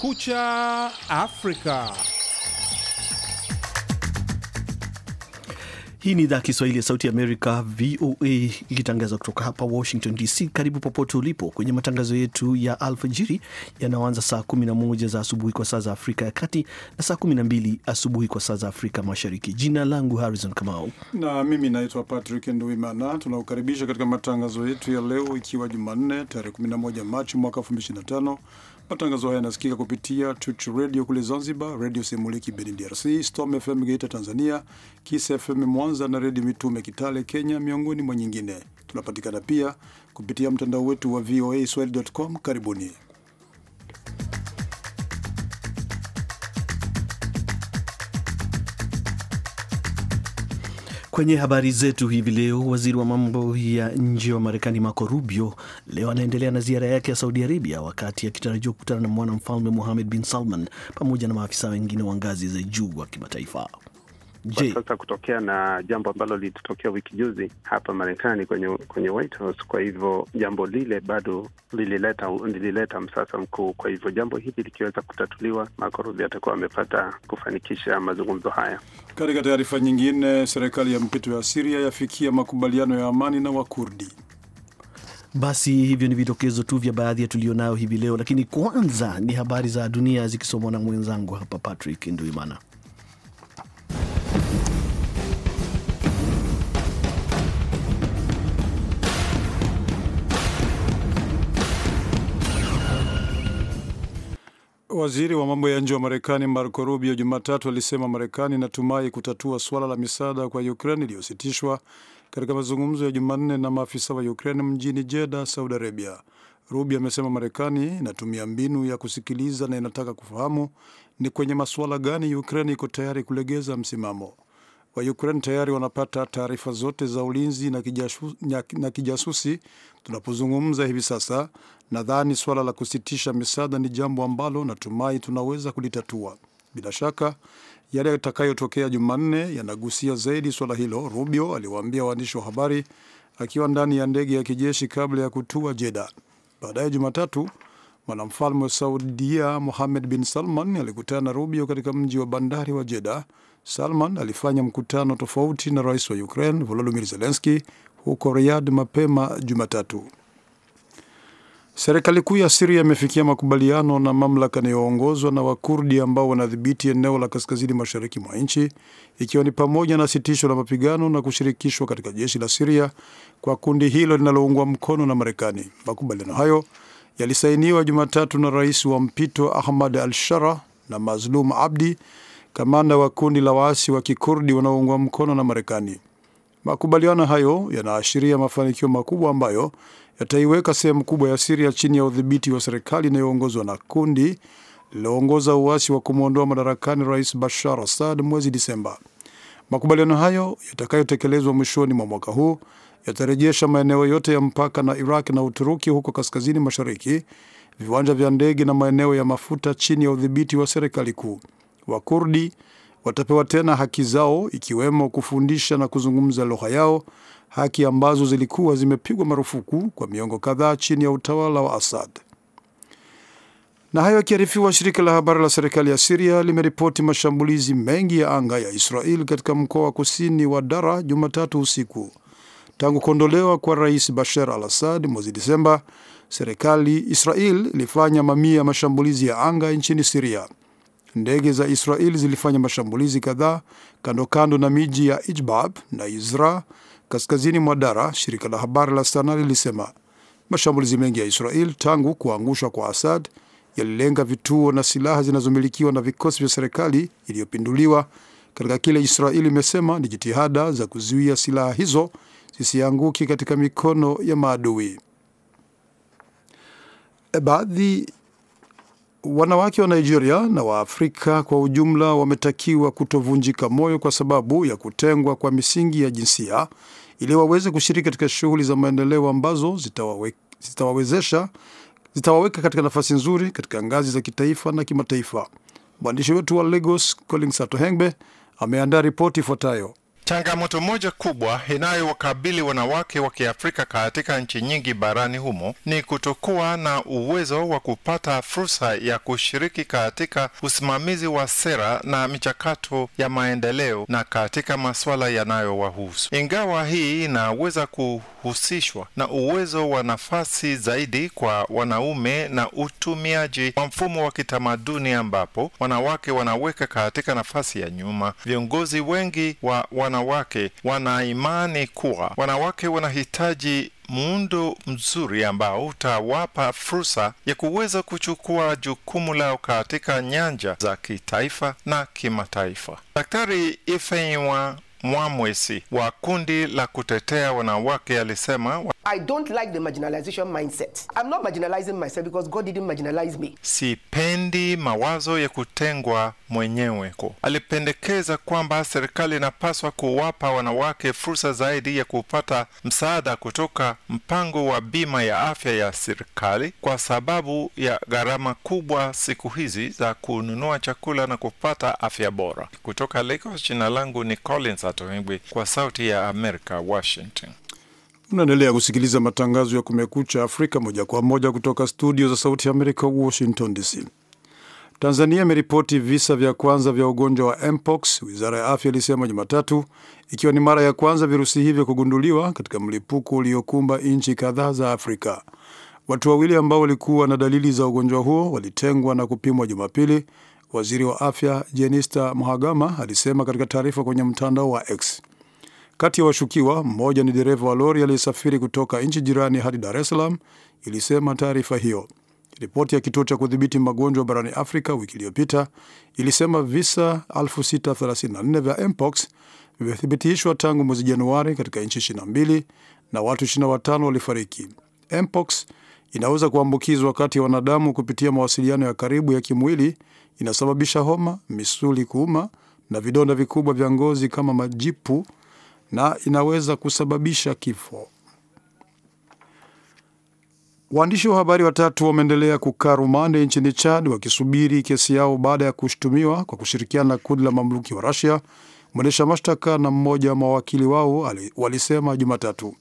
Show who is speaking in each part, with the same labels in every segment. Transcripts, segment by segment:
Speaker 1: Kumekucha Afrika.
Speaker 2: Hii ni idhaa Kiswahili ya Sauti ya Amerika, VOA, ikitangaza kutoka hapa Washington DC. Karibu popote ulipo kwenye matangazo yetu ya alfajiri yanayoanza saa 11 za asubuhi kwa saa za Afrika ya Kati na saa 12 asubuhi kwa saa za Afrika Mashariki. Jina langu Harrison Kamau
Speaker 3: na mimi naitwa Patrick Nduimana. Tunakukaribisha katika matangazo yetu ya leo, ikiwa Jumanne tarehe 11 Machi mwaka 2025 Matangazo haya yanasikika kupitia Chuchu Radio kule Zanzibar, Radio Semuliki Beni DRC, Storm FM Geita Tanzania, Kiss FM Mwanza na Redio Mitume Kitale Kenya, miongoni mwa nyingine. Tunapatikana pia kupitia mtandao wetu wa voa swahili.com. Karibuni.
Speaker 2: Kwenye habari zetu hivi leo, waziri wa mambo ya nje wa Marekani Marco Rubio leo anaendelea na ziara yake ya Saudi Arabia, wakati akitarajiwa kukutana na mwanamfalme Muhamed bin Salman pamoja na maafisa wengine wa ngazi za
Speaker 4: juu wa kimataifa kwa sasa kutokea na jambo ambalo lilitokea wiki juzi hapa Marekani kwenye kwenye White House. Kwa hivyo jambo lile bado lilileta lilileta msasa mkuu. Kwa hivyo jambo hili likiweza kutatuliwa, Marco Rubio atakuwa amepata kufanikisha mazungumzo haya.
Speaker 3: Katika taarifa nyingine, serikali ya mpito ya Siria yafikia makubaliano ya amani na Wakurdi.
Speaker 2: Basi hivyo ni vidokezo tu vya baadhi ya nayo hivi leo, lakini kwanza ni habari za dunia zikisomwa na mwenzangu hapa Patrick Nduimana.
Speaker 3: Waziri wa mambo ya nje wa Marekani Marco Rubio Jumatatu alisema Marekani inatumai kutatua suala la misaada kwa Ukraine iliyositishwa katika mazungumzo ya Jumanne na maafisa wa Ukraine mjini Jeddah, Saudi Arabia. Rubio amesema Marekani inatumia mbinu ya kusikiliza na inataka kufahamu ni kwenye masuala gani Ukraine iko tayari kulegeza msimamo wa Ukraine tayari wanapata taarifa zote za ulinzi na kijasusi, na kijasusi tunapozungumza hivi sasa. Nadhani suala la kusitisha misaada ni jambo ambalo natumai tunaweza kulitatua. Bila shaka yale yatakayotokea Jumanne yanagusia zaidi suala hilo, Rubio aliwaambia waandishi wa habari akiwa ndani ya ndege ya kijeshi kabla ya kutua jeda Baadaye Jumatatu, mwanamfalme wa Saudia Mohammed bin Salman alikutana na Rubio katika mji wa bandari wa Jeddah Salman alifanya mkutano tofauti na rais wa Ukraine Volodymyr Zelensky huko Riyadh mapema Jumatatu. Serikali kuu ya Siria imefikia makubaliano na mamlaka inayoongozwa na Wakurdi ambao wanadhibiti eneo la kaskazini mashariki mwa nchi, ikiwa ni pamoja na sitisho la mapigano na kushirikishwa katika jeshi la Siria kwa kundi hilo linaloungwa mkono na Marekani. Makubaliano hayo yalisainiwa Jumatatu na rais wa mpito Ahmad al Shara na Mazlum Abdi kamanda wa kundi la waasi wa kikurdi wanaoungwa mkono na Marekani. Makubaliano hayo yanaashiria mafanikio makubwa ambayo yataiweka sehemu kubwa ya Siria chini ya udhibiti wa serikali inayoongozwa na kundi lililoongoza uasi wa kumwondoa madarakani Rais Bashar Assad mwezi Disemba. Makubaliano hayo yatakayotekelezwa mwishoni mwa mwaka huu yatarejesha maeneo yote ya mpaka na Iraq na Uturuki huko kaskazini mashariki, viwanja vya ndege na maeneo ya mafuta chini ya udhibiti wa serikali kuu. Wakurdi watapewa tena haki zao ikiwemo kufundisha na kuzungumza lugha yao, haki ambazo zilikuwa zimepigwa marufuku kwa miongo kadhaa chini ya utawala wa Assad. Na hayo yakiarifiwa, shirika la habari la serikali ya Siria limeripoti mashambulizi mengi ya anga ya Israel katika mkoa wa kusini wa Dara Jumatatu usiku. Tangu kuondolewa kwa Rais Bashar al Assad mwezi Disemba, serikali Israel ilifanya mamia ya mashambulizi ya anga nchini Siria. Ndege za israel zilifanya mashambulizi kadhaa kando kando na miji ya Ijbab na Izra kaskazini mwa Dara, shirika la habari la Sana lilisema. Mashambulizi mengi ya Israel tangu kuangushwa kwa Assad yalilenga vituo na silaha zinazomilikiwa na vikosi vya serikali iliyopinduliwa katika kile israel imesema ni jitihada za kuzuia silaha hizo zisianguki katika mikono ya maadui. Baadhi Wanawake wa Nigeria na Waafrika kwa ujumla wametakiwa kutovunjika moyo kwa sababu ya kutengwa kwa misingi ya jinsia ili waweze kushiriki katika shughuli za maendeleo ambazo zitawawe, zitawawezesha zitawaweka katika nafasi nzuri katika ngazi za kitaifa na kimataifa. Mwandishi wetu wa Lagos Collins Atohengbe ameandaa ripoti ifuatayo.
Speaker 1: Changamoto moja kubwa inayowakabili wanawake wa Kiafrika katika nchi nyingi barani humo ni kutokuwa na uwezo wa kupata fursa ya kushiriki katika usimamizi wa sera na michakato ya maendeleo na katika masuala yanayowahusu. Ingawa hii inaweza kuhusishwa na uwezo wa nafasi zaidi kwa wanaume na utumiaji wa mfumo wa kitamaduni ambapo wanawake wanaweka katika nafasi ya nyuma, viongozi wengi wa wana wanawake wana imani kuwa wanawake wanahitaji muundo mzuri ambao utawapa fursa ya kuweza kuchukua jukumu lao katika nyanja za kitaifa na kimataifa. Daktari Ifenywa Mwamwesi wa kundi la kutetea wanawake alisema
Speaker 5: I don't like the marginalization mindset. I'm not marginalizing myself because God
Speaker 2: didn't marginalize me.
Speaker 1: Sipendi mawazo ya kutengwa mwenyewe ko. Alipendekeza kwamba serikali inapaswa kuwapa wanawake fursa zaidi ya kupata msaada kutoka mpango wa bima ya afya ya serikali kwa sababu ya gharama kubwa siku hizi za kununua chakula na kupata afya bora. Kutoka Lagos, jina langu ni Collins Sato Wengwi kwa Sauti ya Amerika, Washington.
Speaker 3: Unaendelea kusikiliza matangazo ya Kumekucha Afrika moja kwa moja kutoka studio za Sauti ya Amerika, Washington DC. Tanzania imeripoti visa vya kwanza vya ugonjwa wa mpox, wizara ya afya ilisema Jumatatu, ikiwa ni mara ya kwanza virusi hivyo kugunduliwa katika mlipuko uliokumba nchi kadhaa za Afrika. Watu wawili ambao walikuwa na dalili za ugonjwa huo walitengwa na kupimwa Jumapili Waziri wa afya Jenista Mhagama alisema katika taarifa kwenye mtandao wa X. Kati ya washukiwa mmoja ni dereva wa lori aliyesafiri kutoka nchi jirani hadi Dar es Salaam, ilisema taarifa hiyo. Ripoti ya kituo cha kudhibiti magonjwa barani Afrika wiki iliyopita ilisema visa 634 vya mpox vimethibitishwa tangu mwezi Januari katika nchi 22 na watu 25 walifariki. Mpox inaweza kuambukizwa kati ya wanadamu kupitia mawasiliano ya karibu ya kimwili inasababisha homa, misuli kuuma na vidonda vikubwa vya ngozi kama majipu na inaweza kusababisha kifo. Waandishi wa habari watatu wameendelea kukaa rumande nchini Chad wakisubiri kesi yao baada ya kushutumiwa kwa kushirikiana na kundi la mamluki wa rasia Mwendesha mashtaka na mmoja wa mawakili wao walisema Jumatatu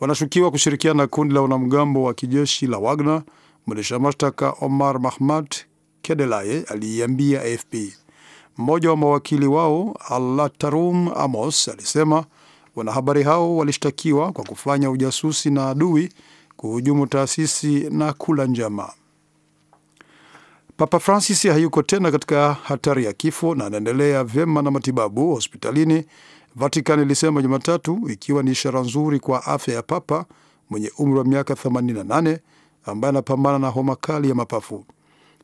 Speaker 3: wanashukiwa kushirikiana na kundi la wanamgambo wa kijeshi la Wagner. Mwendesha mashtaka Omar Mahmad Kedelaye aliiambia AFP. Mmoja wa mawakili wao Alatarum Amos alisema wanahabari hao walishtakiwa kwa kufanya ujasusi na adui, kuhujumu taasisi na kula njama. Papa Francis hayuko tena katika hatari ya kifo na anaendelea vyema na matibabu hospitalini, Vatican ilisema Jumatatu, ikiwa ni ishara nzuri kwa afya ya Papa mwenye umri wa miaka 88 ambaye anapambana na homa kali ya mapafu.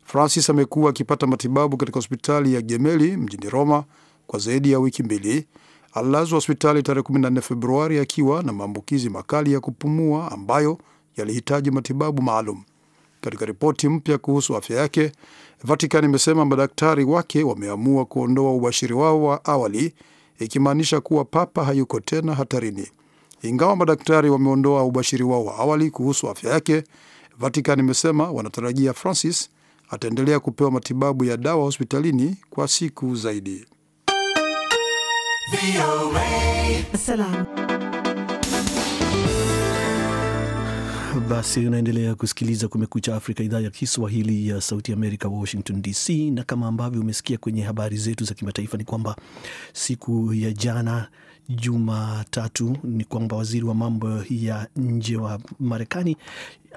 Speaker 3: Francis amekuwa akipata matibabu katika hospitali ya gemeli mjini Roma kwa zaidi ya wiki mbili. Alilazwa hospitali tarehe 14 Februari akiwa na maambukizi makali ya kupumua ambayo yalihitaji matibabu maalum. Katika ripoti mpya kuhusu afya yake, Vatican imesema madaktari wake wameamua kuondoa ubashiri wao wa awali, ikimaanisha kuwa papa hayuko tena hatarini. Ingawa madaktari wameondoa ubashiri wao wa awali kuhusu afya yake, Vatican imesema wanatarajia Francis ataendelea kupewa matibabu ya dawa hospitalini kwa siku zaidi.
Speaker 2: Basi unaendelea kusikiliza Kumekucha Afrika, idhaa ya Kiswahili ya Sauti Amerika, Washington DC. Na kama ambavyo umesikia kwenye habari zetu za kimataifa, ni kwamba siku ya jana Jumatatu ni kwamba waziri wa mambo ya nje wa Marekani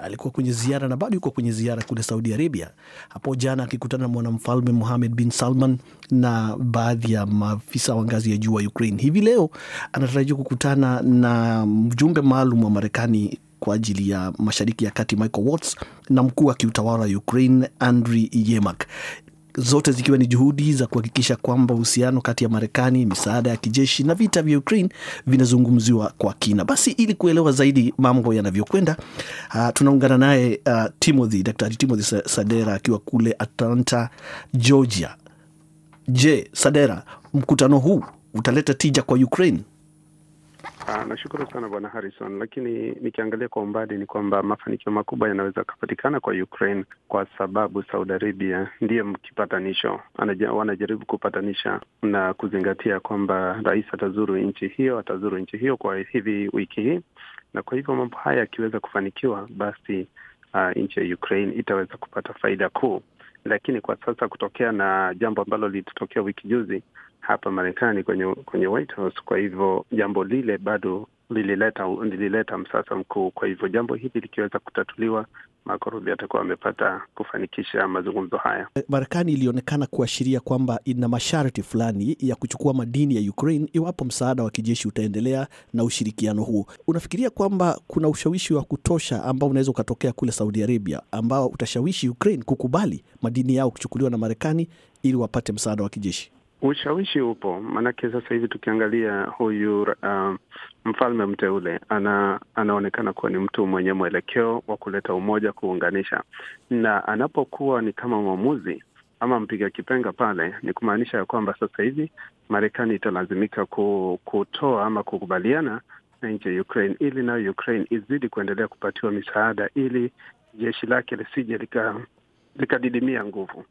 Speaker 2: alikuwa kwenye ziara na bado yuko kwenye ziara kule Saudi Arabia hapo jana, akikutana na mwanamfalme Mohamed bin Salman na baadhi ya maafisa wa ngazi ya juu wa Ukraine. Hivi leo anatarajiwa kukutana na mjumbe maalum wa Marekani kwa ajili ya Mashariki ya Kati Michael Watts na mkuu wa kiutawala wa Ukraine Andriy Yermak zote zikiwa ni juhudi za kuhakikisha kwamba uhusiano kati ya Marekani, misaada ya kijeshi na vita vya Ukraine vinazungumziwa kwa kina. Basi ili kuelewa zaidi mambo yanavyokwenda, uh, tunaungana naye uh, Timothy, Daktari Timothy Sadera akiwa kule Atlanta, Georgia. Je, Sadera, mkutano huu utaleta tija kwa Ukraine?
Speaker 4: Ah, nashukuru sana Bwana Harrison, lakini nikiangalia kwa umbali ni kwamba mafanikio makubwa yanaweza kupatikana kwa Ukraine kwa sababu Saudi Arabia ndiye mkipatanisho, wanajaribu kupatanisha na kuzingatia kwamba rais atazuru nchi hiyo, atazuru nchi hiyo kwa hivi wiki hii, na kwa hivyo mambo haya yakiweza kufanikiwa, basi uh, nchi ya Ukraine itaweza kupata faida kuu, lakini kwa sasa kutokea na jambo ambalo lilitokea wiki juzi hapa Marekani kwenye kwenye White House. Kwa hivyo jambo lile bado lilileta lilileta msasa mkuu. Kwa hivyo jambo hili likiweza kutatuliwa, Marco Rubio atakuwa amepata kufanikisha mazungumzo haya.
Speaker 2: Eh, Marekani ilionekana kuashiria kwamba ina masharti fulani ya kuchukua madini ya Ukraine iwapo msaada wa kijeshi utaendelea na ushirikiano huo. Unafikiria kwamba kuna ushawishi wa kutosha ambao unaweza ukatokea kule Saudi Arabia ambao utashawishi Ukraine kukubali madini yao kuchukuliwa na Marekani ili wapate msaada wa kijeshi?
Speaker 4: Ushawishi upo, maanake sasa hivi tukiangalia huyu uh, mfalme mteule ana, anaonekana kuwa ni mtu mwenye mwelekeo wa kuleta umoja, kuunganisha, na anapokuwa ni kama mwamuzi ama mpiga kipenga pale, ni kumaanisha ya kwamba sasa hivi Marekani italazimika kutoa ama kukubaliana na nchi ya Ukraine ili nayo Ukraine izidi kuendelea kupatiwa misaada ili jeshi lake lisije likadidimia lika nguvu.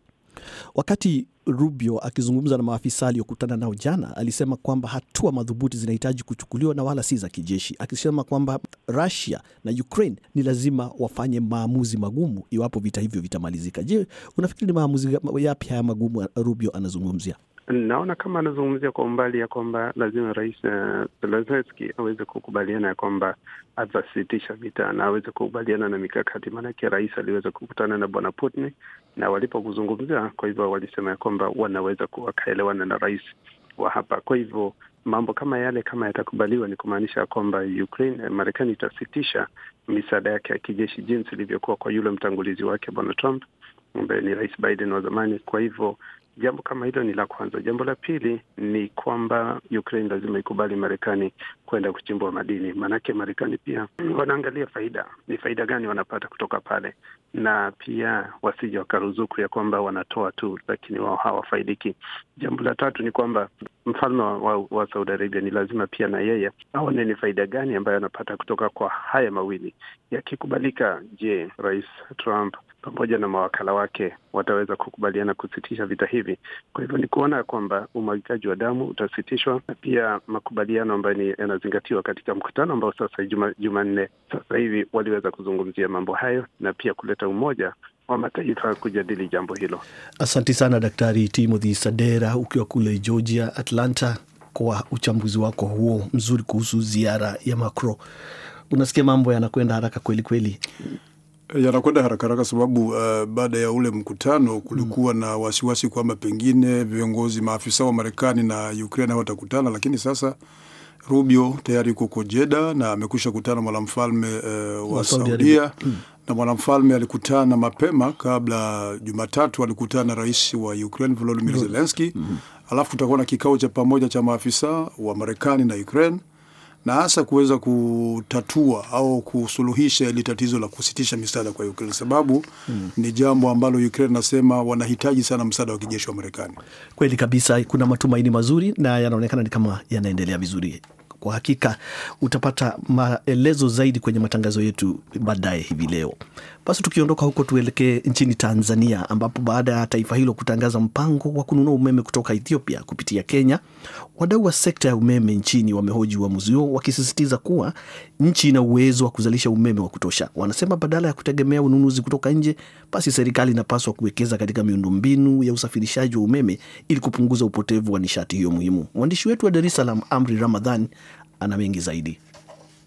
Speaker 2: Wakati Rubio akizungumza na maafisa aliyokutana nao jana, alisema kwamba hatua madhubuti zinahitaji kuchukuliwa na wala si za kijeshi, akisema kwamba Russia na Ukraine ni lazima wafanye maamuzi magumu iwapo vita hivyo vitamalizika. Je, unafikiri ni maamuzi yapi haya magumu Rubio anazungumzia?
Speaker 4: Naona kama anazungumzia kwa umbali ya kwamba lazima Rais eh, Zelenski aweze kukubaliana ya kwamba atasitisha vita na aweze kukubaliana na mikakati, maanake rais aliweza kukutana na bwana Putin na walipokuzungumzia, kwa hivyo walisema ya kwamba wanaweza wakaelewana na rais wa hapa. Kwa hivyo mambo kama yale kama yatakubaliwa, ni kumaanisha kwamba Ukraine, eh, Marekani itasitisha misaada yake ya kijeshi jinsi ilivyokuwa kwa yule mtangulizi wake bwana Trump ambaye ni Rais Biden wa zamani. Kwa hivyo Jambo kama hilo ni la kwanza. Jambo la pili ni kwamba Ukraine lazima ikubali Marekani kwenda kuchimbwa madini, maanake Marekani pia wanaangalia faida, ni faida gani wanapata kutoka pale, na pia wasije wakaruzuku ya kwamba wanatoa tu, lakini wao hawafaidiki. Jambo la tatu ni kwamba mfalme wa, wa Saudi Arabia ni lazima pia na yeye aone ni faida gani ambayo anapata kutoka kwa haya mawili yakikubalika. Je, Rais Trump pamoja na mawakala wake wataweza kukubaliana kusitisha vita hivi. Kwa hivyo ni kuona kwamba umwagikaji wa damu utasitishwa na pia makubaliano ambayo yanazingatiwa katika mkutano ambao sasa Jumanne juma sasa hivi waliweza kuzungumzia mambo hayo na pia kuleta umoja wa mataifa kujadili jambo hilo.
Speaker 2: asanti sana Daktari Timothy Sadera ukiwa kule Georgia, Atlanta, kwa uchambuzi wako huo mzuri kuhusu ziara ya Macron. Unasikia mambo yanakwenda haraka kweli kweli
Speaker 3: yanakwenda haraka haraka sababu uh, baada ya ule mkutano kulikuwa mm. na wasiwasi kwamba pengine viongozi maafisa wa Marekani na Ukraine watakutana lakini sasa Rubio tayari kuko Jeda na amekwisha kutana mwanamfalme uh, wa Saudia mm. na mwanamfalme alikutana mapema kabla Jumatatu, alikutana na rais wa Ukraine volodimir zelenski mm. alafu tutakuwa na kikao cha pamoja cha maafisa wa Marekani na Ukraine na hasa kuweza kutatua au kusuluhisha ili tatizo la kusitisha misaada kwa Ukraine, sababu hmm, ni jambo ambalo Ukraine nasema wanahitaji sana msaada wa kijeshi wa Marekani.
Speaker 2: Kweli kabisa, kuna matumaini mazuri na yanaonekana ni kama yanaendelea vizuri. Kwa hakika utapata maelezo zaidi kwenye matangazo yetu baadaye hivi leo. Basi tukiondoka huko, tuelekee nchini Tanzania ambapo baada ya taifa hilo kutangaza mpango wa kununua umeme kutoka Ethiopia kupitia Kenya, wadau wa sekta ya umeme nchini wamehoji uamuzi huo, wakisisitiza kuwa nchi ina uwezo wa kuzalisha umeme wa kutosha. Wanasema badala ya kutegemea ununuzi kutoka nje, basi serikali inapaswa kuwekeza katika miundombinu ya usafirishaji wa umeme ili kupunguza upotevu wa nishati hiyo muhimu. Mwandishi wetu wa Dar es Salaam, Amri Ramadhan, ana mengi zaidi.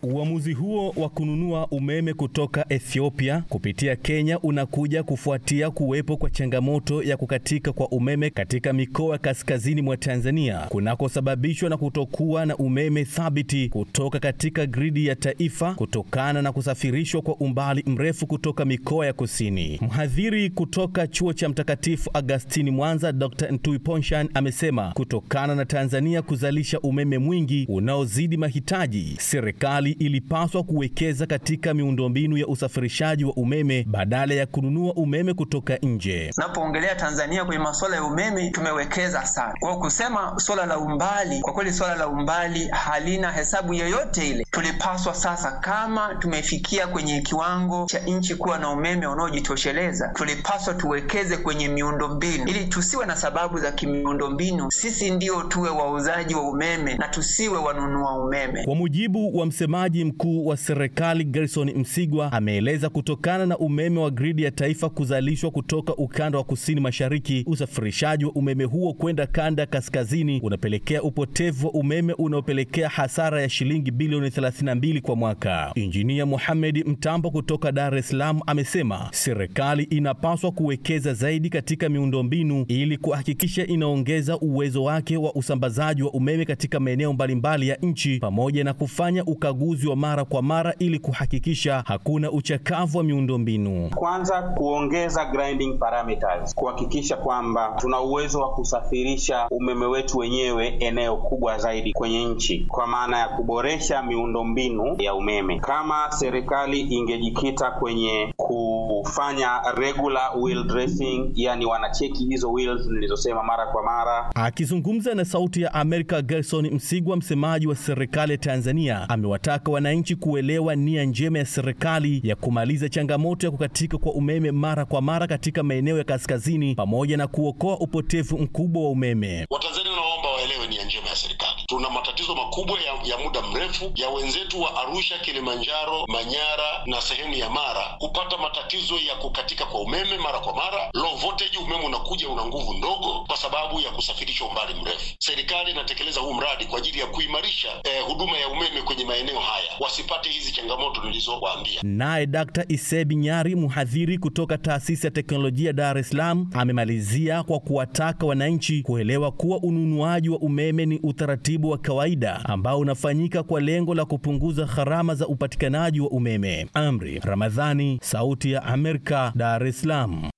Speaker 5: Uamuzi huo wa kununua umeme kutoka Ethiopia kupitia Kenya unakuja kufuatia kuwepo kwa changamoto ya kukatika kwa umeme katika mikoa kaskazini mwa Tanzania kunakosababishwa na kutokuwa na umeme thabiti kutoka katika gridi ya taifa kutokana na kusafirishwa kwa umbali mrefu kutoka mikoa ya kusini. Mhadhiri kutoka Chuo cha Mtakatifu Agustini Mwanza, Dr. Ntui Ponshan amesema kutokana na Tanzania kuzalisha umeme mwingi unaozidi mahitaji, serikali serikali ilipaswa kuwekeza katika miundombinu ya usafirishaji wa umeme badala ya kununua umeme kutoka nje. Tunapoongelea Tanzania kwenye masuala ya umeme tumewekeza sana, kwa kusema
Speaker 6: swala la umbali, kwa kweli swala la umbali halina hesabu yoyote ile. Tulipaswa sasa, kama tumefikia kwenye kiwango cha nchi kuwa na umeme unaojitosheleza, tulipaswa tuwekeze kwenye miundombinu ili tusiwe na sababu za kimiundombinu sisi ndio tuwe wauzaji wa umeme na tusiwe wanunua umeme,
Speaker 5: kwa mujibu wa msema Msemaji mkuu wa serikali Gerson Msigwa ameeleza kutokana na umeme wa gridi ya taifa kuzalishwa kutoka ukanda wa kusini mashariki, usafirishaji wa umeme huo kwenda kanda kaskazini unapelekea upotevu wa umeme unaopelekea hasara ya shilingi bilioni 32 kwa mwaka. Injinia Mohamed Mtambo kutoka Dar es Salaam amesema serikali inapaswa kuwekeza zaidi katika miundombinu ili kuhakikisha inaongeza uwezo wake wa usambazaji wa umeme katika maeneo mbalimbali ya nchi pamoja na kufanya ukaguzi ukaguzi wa mara kwa mara ili kuhakikisha hakuna uchakavu wa miundombinu.
Speaker 6: Kwanza kuongeza
Speaker 5: grinding parameters, kuhakikisha kwamba tuna uwezo wa kusafirisha umeme wetu wenyewe eneo kubwa zaidi kwenye nchi, kwa maana ya kuboresha miundombinu ya umeme. Kama serikali ingejikita kwenye kufanya regular wheel dressing, yani wanacheki hizo wheels nilizosema mara kwa mara. Akizungumza na Sauti ya Amerika, Gerson Msigwa, msemaji wa serikali ya Tanzania, amewata kuwataka wananchi kuelewa nia njema ya serikali ya kumaliza changamoto ya kukatika kwa umeme mara kwa mara katika maeneo ya kaskazini pamoja na kuokoa upotevu mkubwa wa umeme.
Speaker 4: Watanzania wanaomba
Speaker 5: waelewe nia njema ya serikali tuna matatizo makubwa ya, ya muda mrefu ya wenzetu wa Arusha, Kilimanjaro, Manyara na sehemu ya Mara kupata matatizo ya kukatika kwa umeme mara kwa mara, low voltage, umeme unakuja una nguvu ndogo kwa sababu ya kusafirisha umbali mrefu. Serikali inatekeleza huu mradi kwa ajili ya kuimarisha eh, huduma ya umeme kwenye maeneo haya, wasipate hizi changamoto nilizowaambia. Naye Dr. Isebi Nyari, mhadhiri kutoka taasisi ya teknolojia Dar es Salaam, amemalizia kwa kuwataka wananchi kuelewa kuwa ununuaji wa umeme ni utaratibu utaratibu wa kawaida ambao unafanyika kwa lengo la kupunguza gharama za upatikanaji wa umeme. Amri Ramadhani, Sauti ya Amerika, Dar es Salaam.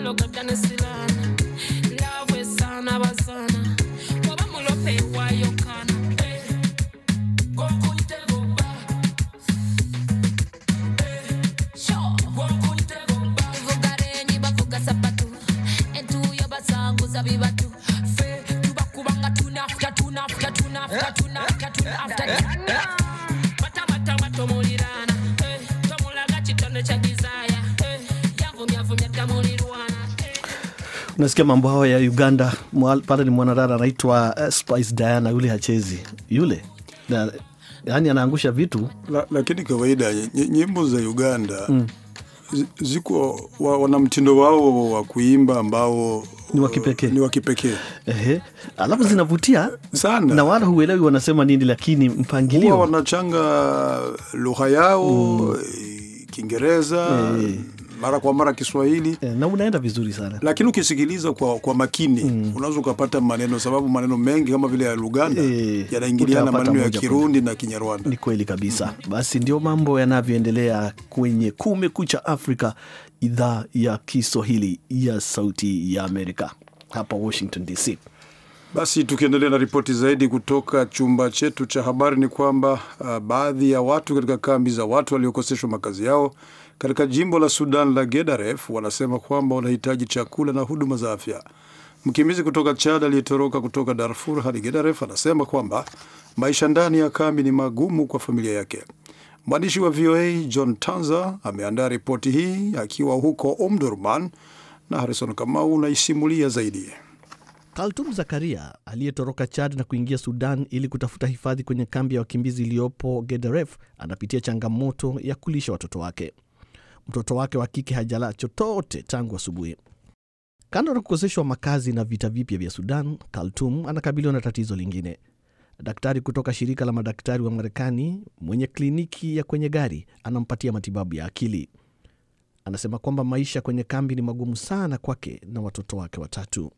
Speaker 5: lo que te necesita
Speaker 2: Nasikia mambo hayo ya Uganda pale, ni mwanadada anaitwa eh, Spice Diana, yule hachezi yule na, yani anaangusha vitu
Speaker 3: la, lakini kawaida nyimbo za Uganda mm ziko wa, wana mtindo wao wa kuimba ambao ni wa kipekee ni wa kipekee ehe, alafu zinavutia sana na wala huelewi wanasema nini,
Speaker 2: lakini mpangilio
Speaker 3: wanachanga lugha yao mm. Kiingereza hey. Eh mara kwa mara Kiswahili e, na unaenda vizuri sana, lakini ukisikiliza kwa, kwa makini mm. unaweza ukapata maneno, sababu maneno mengi kama vile ya Luganda e, eh, yanaingiliana maneno ya Kirundi na Kinyarwanda.
Speaker 2: Ni kweli kabisa mm. Basi ndio mambo yanavyoendelea kwenye Kumekucha Afrika, idhaa ya Kiswahili ya Sauti ya Amerika hapa Washington DC.
Speaker 3: Basi tukiendelea na ripoti zaidi kutoka chumba chetu cha habari ni kwamba uh, baadhi ya watu katika kambi za watu waliokoseshwa makazi yao katika jimbo la Sudan la Gedaref wanasema kwamba wanahitaji chakula na huduma za afya. Mkimbizi kutoka Chad aliyetoroka kutoka Darfur hadi Gedaref anasema kwamba maisha ndani ya kambi ni magumu kwa familia yake. Mwandishi wa VOA John Tanza ameandaa ripoti hii akiwa huko Omdurman na Harrison Kamau unaisimulia zaidi.
Speaker 2: Kaltum Zakaria aliyetoroka Chad na kuingia Sudan ili kutafuta hifadhi kwenye kambi ya wakimbizi iliyopo Gedaref anapitia changamoto ya kulisha watoto wake mtoto wake wa kike hajala chochote tangu asubuhi. Kando na kukoseshwa makazi na vita vipya vya Sudan, kaltum anakabiliwa na tatizo lingine. Daktari kutoka shirika la madaktari wa Marekani mwenye kliniki ya kwenye gari anampatia matibabu ya akili. Anasema kwamba maisha kwenye kambi ni magumu sana kwake na watoto wake
Speaker 3: watatu.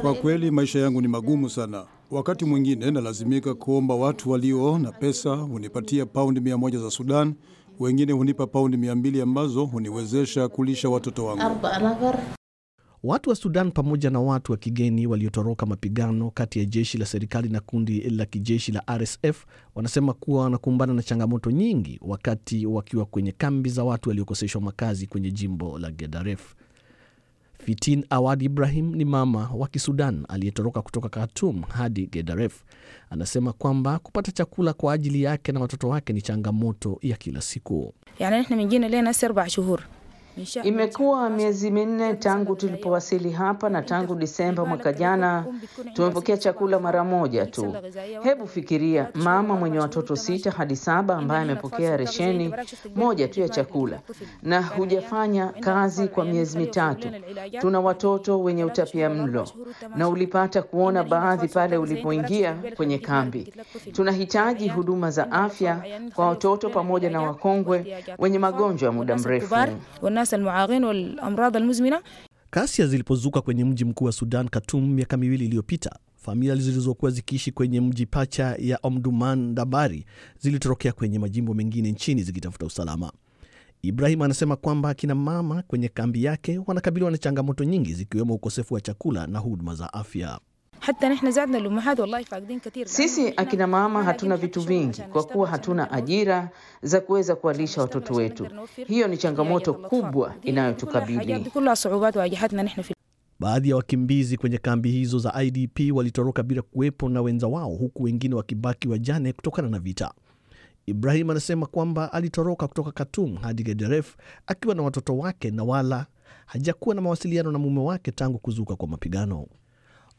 Speaker 3: Kwa kweli maisha yangu ni magumu sana Wakati mwingine nalazimika kuomba watu walio na pesa, hunipatia paundi mia moja za Sudan, wengine hunipa paundi mia mbili ambazo huniwezesha kulisha watoto wangu.
Speaker 2: Watu wa Sudan pamoja na watu wa kigeni waliotoroka mapigano kati ya jeshi la serikali na kundi la kijeshi la RSF wanasema kuwa wanakumbana na changamoto nyingi wakati wakiwa kwenye kambi za watu waliokoseshwa makazi kwenye jimbo la Gedaref. Fitin Awad Ibrahim ni mama wa Kisudan aliyetoroka kutoka Khartoum hadi Gedaref. Anasema kwamba kupata chakula kwa ajili yake na watoto wake ni changamoto ya kila siku.
Speaker 5: Yani, Imekuwa miezi minne tangu tulipowasili hapa na tangu Disemba mwaka jana tumepokea chakula mara moja tu. Hebu fikiria mama mwenye watoto sita hadi saba ambaye amepokea resheni moja tu ya chakula na hujafanya kazi kwa yaani miezi mitatu. Tuna watoto wenye utapia mlo na ulipata kuona baadhi pale ulipoingia kwenye kambi. Tunahitaji yaani huduma za afya yaani kwa watoto pamoja na wakongwe wenye magonjwa ya muda mrefu hasa almuarin walamrad
Speaker 2: almuzmina. Ghasia zilipozuka kwenye mji mkuu wa Sudan, katum miaka miwili iliyopita, familia zilizokuwa zikiishi kwenye mji pacha ya omduman dabari zilitorokea kwenye majimbo mengine nchini zikitafuta usalama. Ibrahim anasema kwamba akina mama kwenye kambi yake wanakabiliwa na changamoto nyingi zikiwemo ukosefu wa chakula na huduma za afya.
Speaker 5: Hata nahna zadna lumahat wallahi faqdin katir. Sisi akina mama hatuna vitu vingi kwa kuwa hatuna ajira za kuweza kuwalisha watoto wetu. Hiyo ni changamoto kubwa inayotukabili.
Speaker 2: Baadhi ya wakimbizi kwenye kambi hizo za IDP walitoroka bila kuwepo na wenza wao, huku wengine wakibaki wajane kutokana na vita. Ibrahim anasema kwamba alitoroka kutoka katum hadi Gederef akiwa na watoto wake na wala hajakuwa na mawasiliano na mume wake tangu kuzuka kwa mapigano.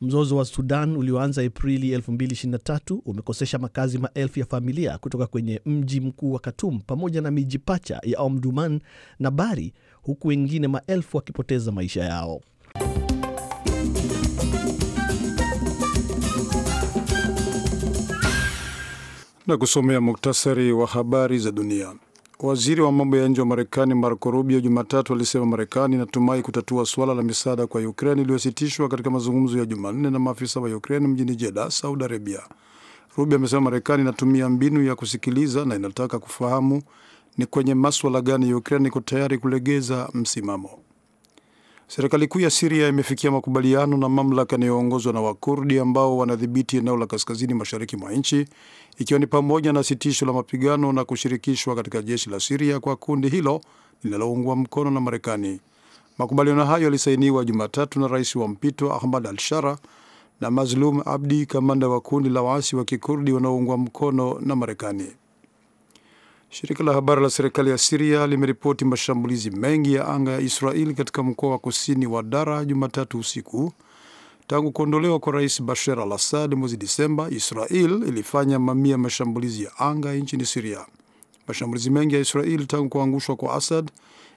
Speaker 2: Mzozo wa Sudan ulioanza Aprili 2023 umekosesha makazi maelfu ya familia kutoka kwenye mji mkuu wa Khartoum pamoja na miji pacha ya Omdurman na Bari, huku wengine maelfu
Speaker 3: wakipoteza maisha yao. Na kusomea muktasari wa habari za dunia. Waziri wa mambo ya nje wa Marekani Marco Rubio Jumatatu alisema Marekani inatumai kutatua suala la misaada kwa Ukraine iliyositishwa katika mazungumzo ya Jumanne na maafisa wa Ukraine mjini Jeddah, Saudi Arabia. Rubio amesema Marekani inatumia mbinu ya kusikiliza na inataka kufahamu ni kwenye maswala gani Ukraine iko tayari kulegeza msimamo. Serikali kuu ya Siria imefikia makubaliano na mamlaka yanayoongozwa na Wakurdi ambao wanadhibiti eneo la kaskazini mashariki mwa nchi, ikiwa ni pamoja na sitisho la mapigano na kushirikishwa katika jeshi la Siria kwa kundi hilo linaloungwa mkono na Marekani. Makubaliano hayo yalisainiwa Jumatatu na rais wa mpito Ahmad al Shara na Mazlum Abdi, kamanda wa kundi la waasi wa Kikurdi wanaoungwa mkono na Marekani. Shirika la habari la serikali ya Siria limeripoti mashambulizi mengi ya anga ya Israeli katika mkoa wa kusini wa Dara Jumatatu usiku. Tangu kuondolewa kwa rais Bashar al Assad mwezi Disemba, Israel ilifanya mamia mashambulizi ya anga nchini Siria. Mashambulizi mengi ya Israel tangu kuangushwa kwa Assad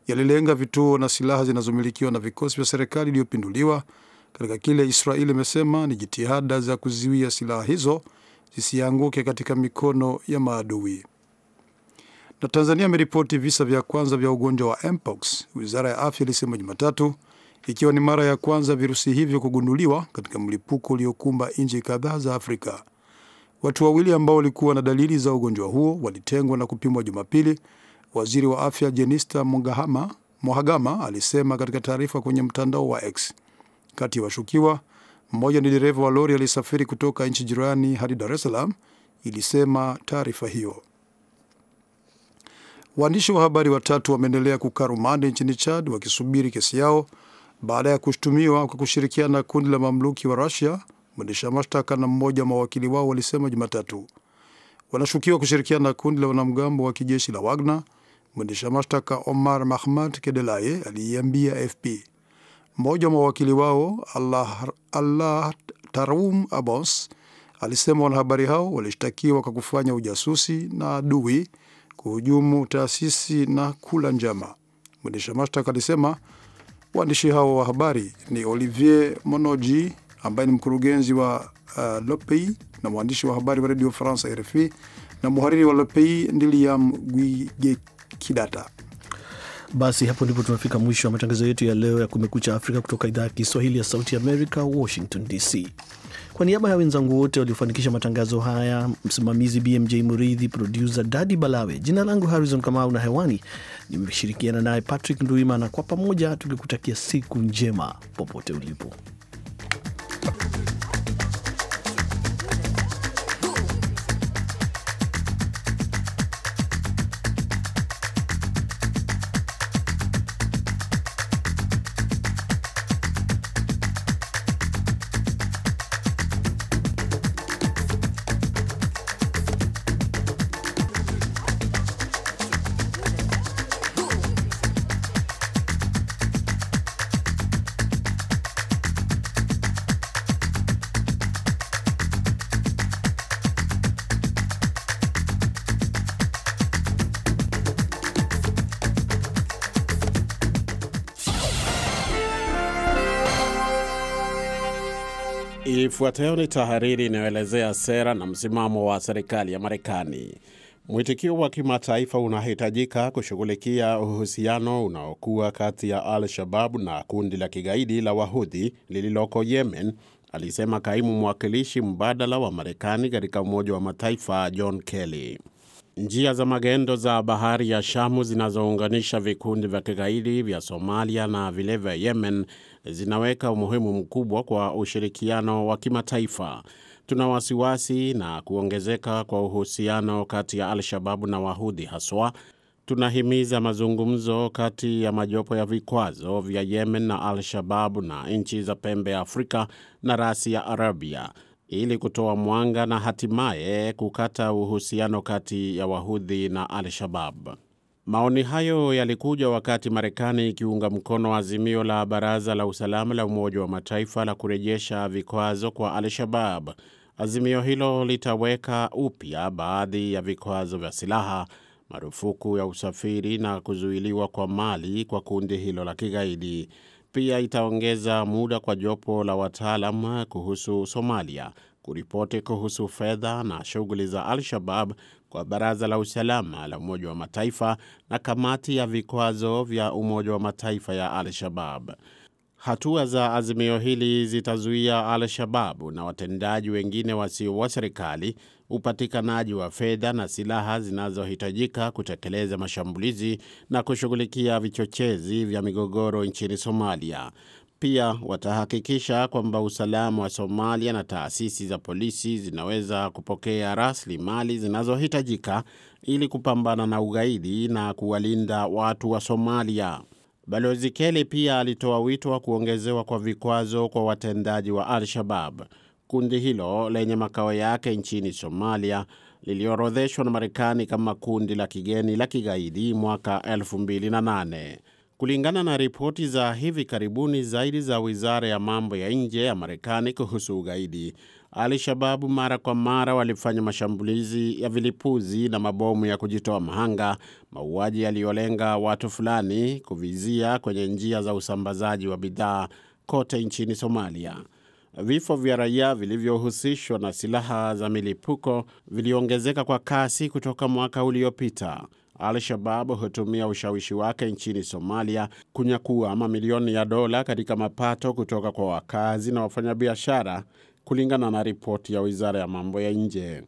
Speaker 3: yalilenga vituo na silaha zinazomilikiwa na vikosi vya serikali iliyopinduliwa katika kile Israel imesema ni jitihada za kuziwia silaha hizo zisianguke katika mikono ya maadui na Tanzania imeripoti visa vya kwanza vya ugonjwa wa mpox, wizara ya afya ilisema Jumatatu, ikiwa ni mara ya kwanza virusi hivyo kugunduliwa katika mlipuko uliokumba nchi kadhaa za Afrika. Watu wawili ambao walikuwa na dalili za ugonjwa huo walitengwa na kupimwa Jumapili, waziri wa afya Jenista Mongahama, Mohagama alisema katika taarifa kwenye mtandao wa X. Kati ya washukiwa, mmoja ni dereva wa lori aliyesafiri kutoka nchi jirani hadi Dar es Salaam, ilisema taarifa hiyo. Waandishi wa habari watatu wameendelea kukaa rumande nchini Chad wakisubiri kesi yao baada ya kushutumiwa kwa kushirikiana na kundi la mamluki wa Rusia. Mwendesha mashtaka na mmoja wa mawakili wao walisema Jumatatu wanashukiwa kushirikiana na kundi la wanamgambo wa kijeshi la Wagner. Mwendesha mashtaka Omar Mahmad Kedelaye aliiambia AFP mmoja wa mawakili wao Allah, Allah Taroum Abbas alisema wanahabari hao walishtakiwa kwa kufanya ujasusi na adui kuhujumu taasisi na kula njama. Mwendesha mashtaka alisema waandishi hao wa habari ni Olivier Monoji ambaye ni mkurugenzi wa uh, Lopei na mwandishi wa habari wa redio France RFI na mhariri wa Lopei Ndiliam Gwigekidata.
Speaker 2: Basi hapo ndipo tunafika mwisho wa matangazo yetu ya leo ya Kumekucha Afrika kutoka idhaa ya Kiswahili ya Sauti ya Amerika, Washington DC. Kwa niaba ya wenzangu wote waliofanikisha matangazo haya, msimamizi BMJ Muridhi, produsa Dadi Balawe, jina langu Harrison Kamau na hewani nimeshirikiana naye Patrick Nduimana, kwa pamoja tukikutakia siku njema popote ulipo.
Speaker 6: Ifuatayo ni tahariri inayoelezea sera na msimamo wa serikali ya Marekani. Mwitikio wa kimataifa unahitajika kushughulikia uhusiano unaokuwa kati ya Al-Shababu na kundi la kigaidi la Wahudhi lililoko Yemen, alisema kaimu mwakilishi mbadala wa Marekani katika Umoja wa Mataifa John Kelly. Njia za magendo za bahari ya Shamu zinazounganisha vikundi vya kigaidi vya Somalia na vile vya Yemen zinaweka umuhimu mkubwa kwa ushirikiano wa kimataifa. Tuna wasiwasi na kuongezeka kwa uhusiano kati ya Al-Shababu na Wahudhi haswa. Tunahimiza mazungumzo kati ya majopo ya vikwazo vya Yemen na Al-Shababu na nchi za pembe ya Afrika na rasi ya Arabia ili kutoa mwanga na hatimaye kukata uhusiano kati ya Wahudhi na Al-Shabab. Maoni hayo yalikuja wakati Marekani ikiunga mkono azimio la Baraza la Usalama la Umoja wa Mataifa la kurejesha vikwazo kwa Al-Shabab. Azimio hilo litaweka upya baadhi ya vikwazo vya silaha, marufuku ya usafiri na kuzuiliwa kwa mali kwa kundi hilo la kigaidi. Pia itaongeza muda kwa jopo la wataalam kuhusu Somalia kuripoti kuhusu fedha na shughuli za Al-Shabab kwa Baraza la Usalama la Umoja wa Mataifa na kamati ya vikwazo vya Umoja wa Mataifa ya Al-Shabab. Hatua za azimio hili zitazuia Al-Shababu na watendaji wengine wasio wa serikali upatikanaji wa fedha na silaha zinazohitajika kutekeleza mashambulizi na kushughulikia vichochezi vya migogoro nchini Somalia. Pia watahakikisha kwamba usalama wa Somalia na taasisi za polisi zinaweza kupokea rasilimali zinazohitajika ili kupambana na ugaidi na kuwalinda watu wa Somalia. Balozi Kelly pia alitoa wito wa kuongezewa kwa vikwazo kwa watendaji wa Al-Shabab. Kundi hilo lenye makao yake nchini Somalia liliorodheshwa na Marekani kama kundi la kigeni la kigaidi mwaka 2008. Kulingana na ripoti za hivi karibuni zaidi za wizara ya mambo ya nje ya Marekani kuhusu ugaidi, Al-Shababu mara kwa mara walifanya mashambulizi ya vilipuzi na mabomu ya kujitoa mhanga, mauaji yaliyolenga watu fulani, kuvizia kwenye njia za usambazaji wa bidhaa kote nchini Somalia. Vifo vya raia vilivyohusishwa na silaha za milipuko viliongezeka kwa kasi kutoka mwaka uliopita. Al-Shabab hutumia ushawishi wake nchini Somalia kunyakua mamilioni ya dola katika mapato kutoka kwa wakazi na wafanyabiashara, kulingana na ripoti ya wizara ya mambo ya nje.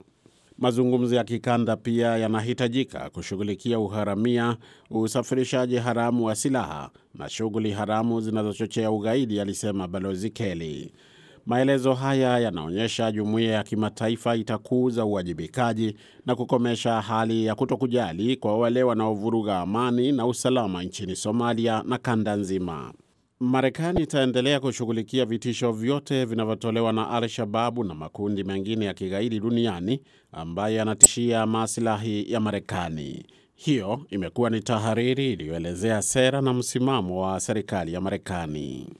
Speaker 6: Mazungumzo ya kikanda pia yanahitajika kushughulikia uharamia, usafirishaji haramu wa silaha na shughuli haramu zinazochochea ugaidi, alisema Balozi Kelly. Maelezo haya yanaonyesha jumuiya ya kimataifa itakuza uwajibikaji na kukomesha hali ya kutokujali kwa wale wanaovuruga amani na usalama nchini Somalia na kanda nzima. Marekani itaendelea kushughulikia vitisho vyote vinavyotolewa na Al-Shababu na makundi mengine ya kigaidi duniani ambayo yanatishia maslahi ya Marekani. Hiyo imekuwa ni tahariri iliyoelezea sera na msimamo wa serikali ya Marekani.